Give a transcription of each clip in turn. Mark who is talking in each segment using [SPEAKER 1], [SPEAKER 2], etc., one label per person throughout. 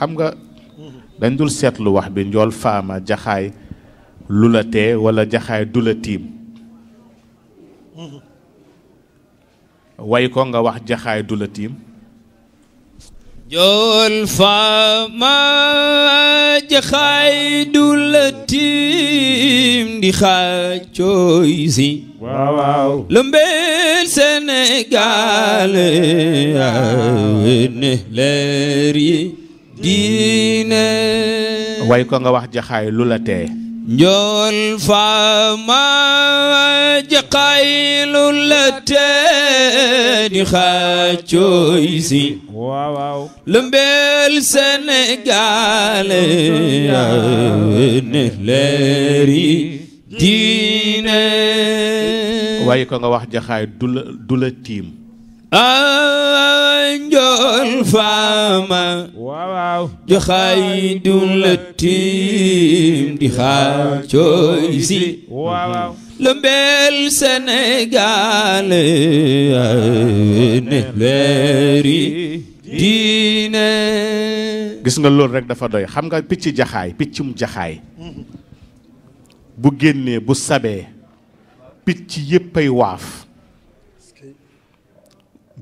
[SPEAKER 1] xam nga dañ dul seetlu wax bi njool faama jaxaay lu la tee wala jaxaay du la tiim way ko nga wax jaxaay du la tiim
[SPEAKER 2] njool faama jaxaay du la tiim di xaacooy si waaw waaw lëmbeel
[SPEAKER 1] Sénégal ne leer yi diine way ko nga wax jaxaay lu la tee njool
[SPEAKER 2] faama jaxaay lu la tee di xaccooy si waaw waaw lëmbeel
[SPEAKER 1] leeri diine way ko nga wax jaxaay du du la tiim anjol faama waaw
[SPEAKER 2] di xaydu latim di xaacooy si waaw lëmbeel Sénégal
[SPEAKER 1] ne leeri diine gis nga loolu rek dafa doy xam nga picc jaxaay piccum jaxaay bu génnee bu sabee picc yéppay waaf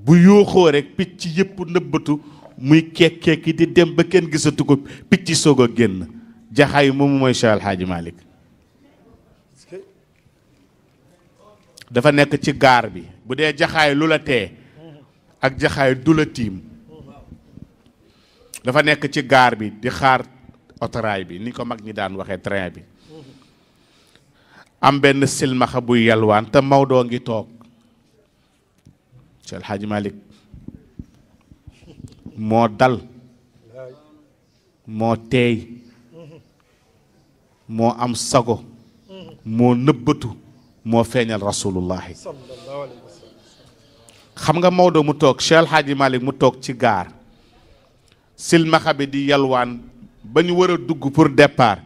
[SPEAKER 1] bu yuuxoo rek picc yëpp nëbbatu muy keek-keeki di dem ba kenn gisatu ko picc soog a génn jaxaay moomu mooy Cheikh Alhaaji Malick dafa nekk ci gaar bi bu dee jaxaay lu la ak jaxaay du tiim dafa nekk ci gaar bi di xaar otoraay bi ni ko mag ñi daan waxee train bi am benn silmaxa buy yalwaan te Maodo ngi toog ci alxaaji Malick moo dal moo teey moo am sago moo nëbbatu moo feeñal rasulullahi xam nga Maodo mu toog Cheikh Alhaaji Malick mu toog ci gaar silmaxa bi di yalwaan ba ñu war a dugg pour départ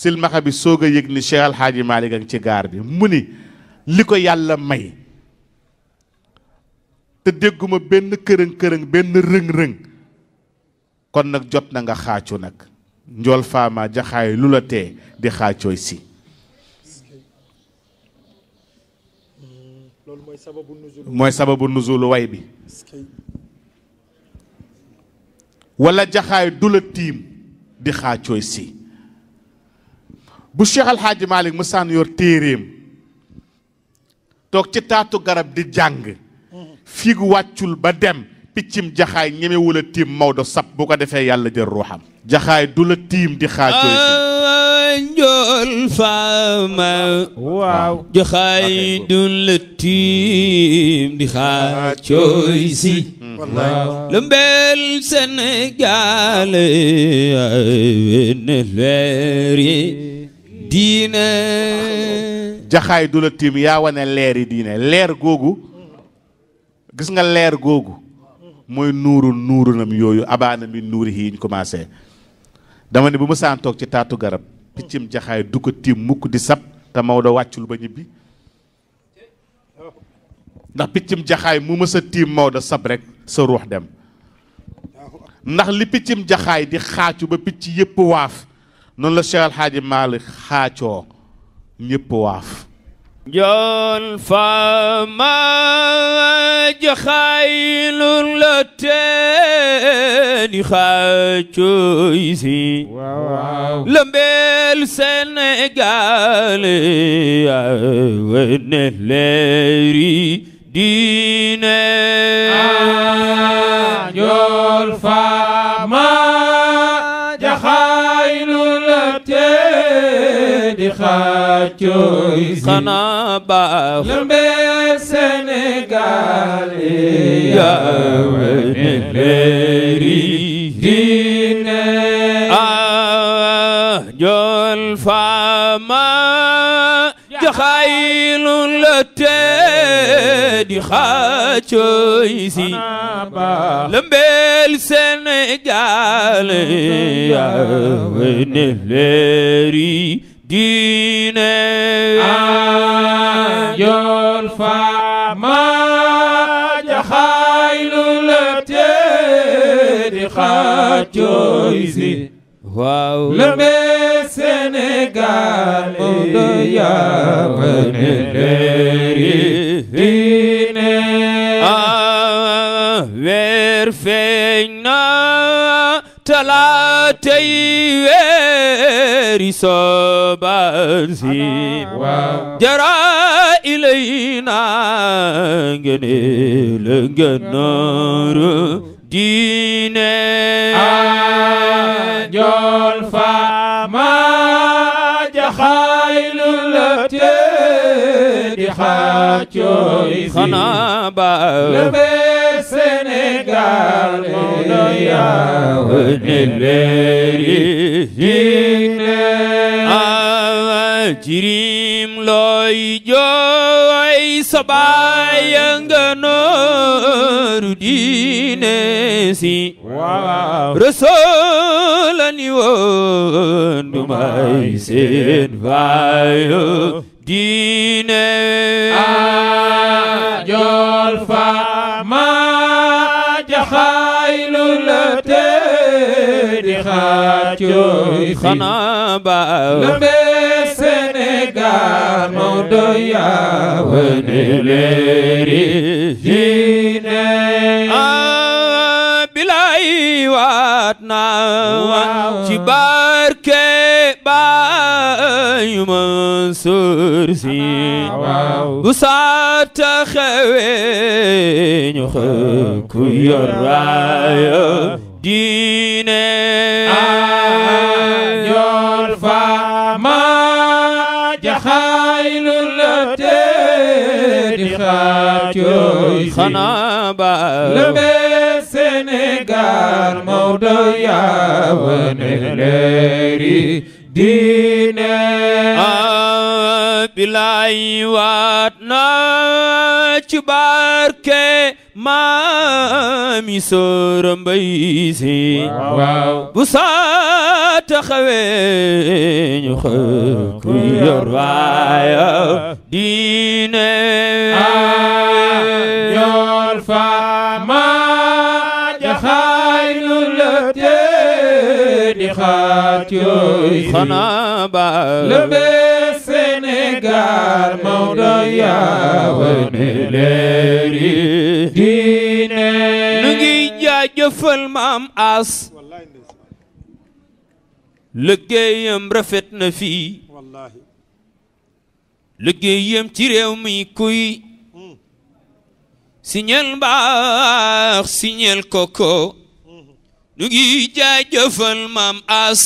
[SPEAKER 1] silmaxa bi soog a yëg ni Cheikh Alhaaji Malick a ci gaar bi mu ni li ko yàlla may te dégguma benn kërëng-kërëng benn rëng-rëng kon nag jot na nga xaacu nag njool faama jaxaay lu la tee di xaacooy si way bi jaxaay du la di xaacooy si bu Cheikh Alxaaji Malick mu saan yor téeréem toog ci taatu garab di jàng figu wàccul ba dem piccim jaxay ñemewul a tiim Maodo sab bu ko defé yàlla jël ruham jaxay du la tim di xaajooy njool
[SPEAKER 2] faama waaw jaxaay du la tim di xaajooy si lëmbeel Sénégal
[SPEAKER 1] ne leer yi diine jaxaay du la tiim yaa wane leer yi gis nga leer googu mooy nuuru nuuru nam yooyu abaana mi nuuri yi ñu commencé dama ne bu ma saan ci taatu garab piccim jaxaay du ko tiim mukk di sab te Maodo wàccul ba ñibbi ndax piccim jaxaay mu mës a tiim Maodo sab rek sa ruux dem ndax li piccim jaxaay di xaacu ba picc yëpp waaf noonu la Cheikh Alxaaji Maalik xaacoo ñëpp waaf.
[SPEAKER 2] yoon fa ma حج خيل لتين خاجوزي لمبيل سنغالي ونهلري دينه coy si xanaa baax lembe Sénégal yaawe ne leeri diine ah jol faama jaxaylu la teedi xaa coy si diine a yool fa ma jaxaylu la teedi xaccooy si waaw lëmbe Sénégal mu do yaabane leeri diine a ah, weer feeñ na talaatay weer غير سبازيم جرى إلينا جنيل جنار دين جول فما جخيل التي خاتشوي خنا لبي سنغال يا ونلري sa baaya nga nooru diine si Rasuula ni du may seen baayo diine a jool fa ma jaxaylul te di xaacooy xanaa baaw mawdaya weneleri jine bilay waat naa ci barke baay Mansuur Si bu saata xewe ñu xëkku yor raaya diine cooy xanaa ba lebe Sénégal Maodo yaa wane leeri diine bilaay waat naa ci barke maami soora mbay si waaw bu saa taxawee ñu xëkk yor waayo diine ah. di xaat rafet na fi liggéeyam ci réew mi kuy mm. siñel mbaax siñel koko ñu ngi jaajëfal maam as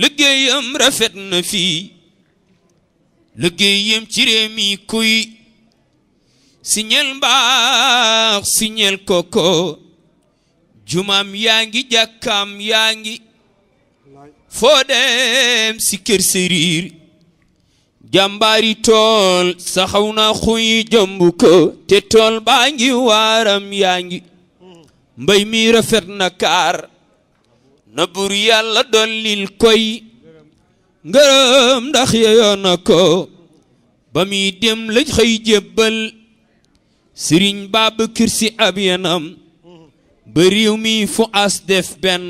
[SPEAKER 2] liggéeyam rafet na fi liggéeyam ci réew mi kuy siñel mbaax siñel koko jumaam yaa ngi jàkkaam yaa ngi foo dem si kër sëriir jàmbaari tool saxaw na xuy jëmb te tool baa ngi waaram yaa ngi mbay mi rafet na kaar na bur yàlla dollil koy ngërëm ndax yeyoon ko ba muy dem la xëy jébbal sëriñ Babacar Sy ab yenam ba réew mi fu as def benn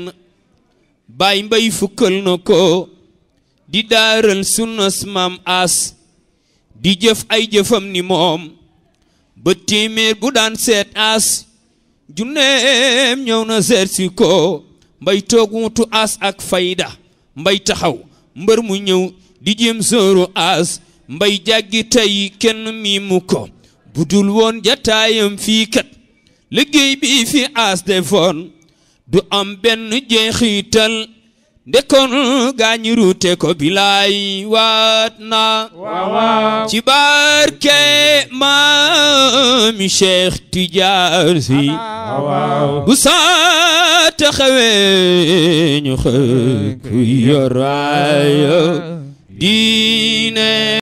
[SPEAKER 2] baay mbay fukkal na ko di daaral sunnas maam as di jëf ay jëfam ni moom ba téeméer bu daan seet as junneem ñëw na seet si ko mbay toogutu as ak fayda mbay taxaw mbër mu ñëw di jéem sóoru as mbay jàggi tey kenn miimu ko dul woon jataayam fii kat liggéey bi fi as defoon du am benn jeexital ndekon gaañi ruute ko bilaay waat na ci barke maami Cheikh Tidiane Si bu saa
[SPEAKER 1] taxawee ñu xëkk yoraaya
[SPEAKER 2] diine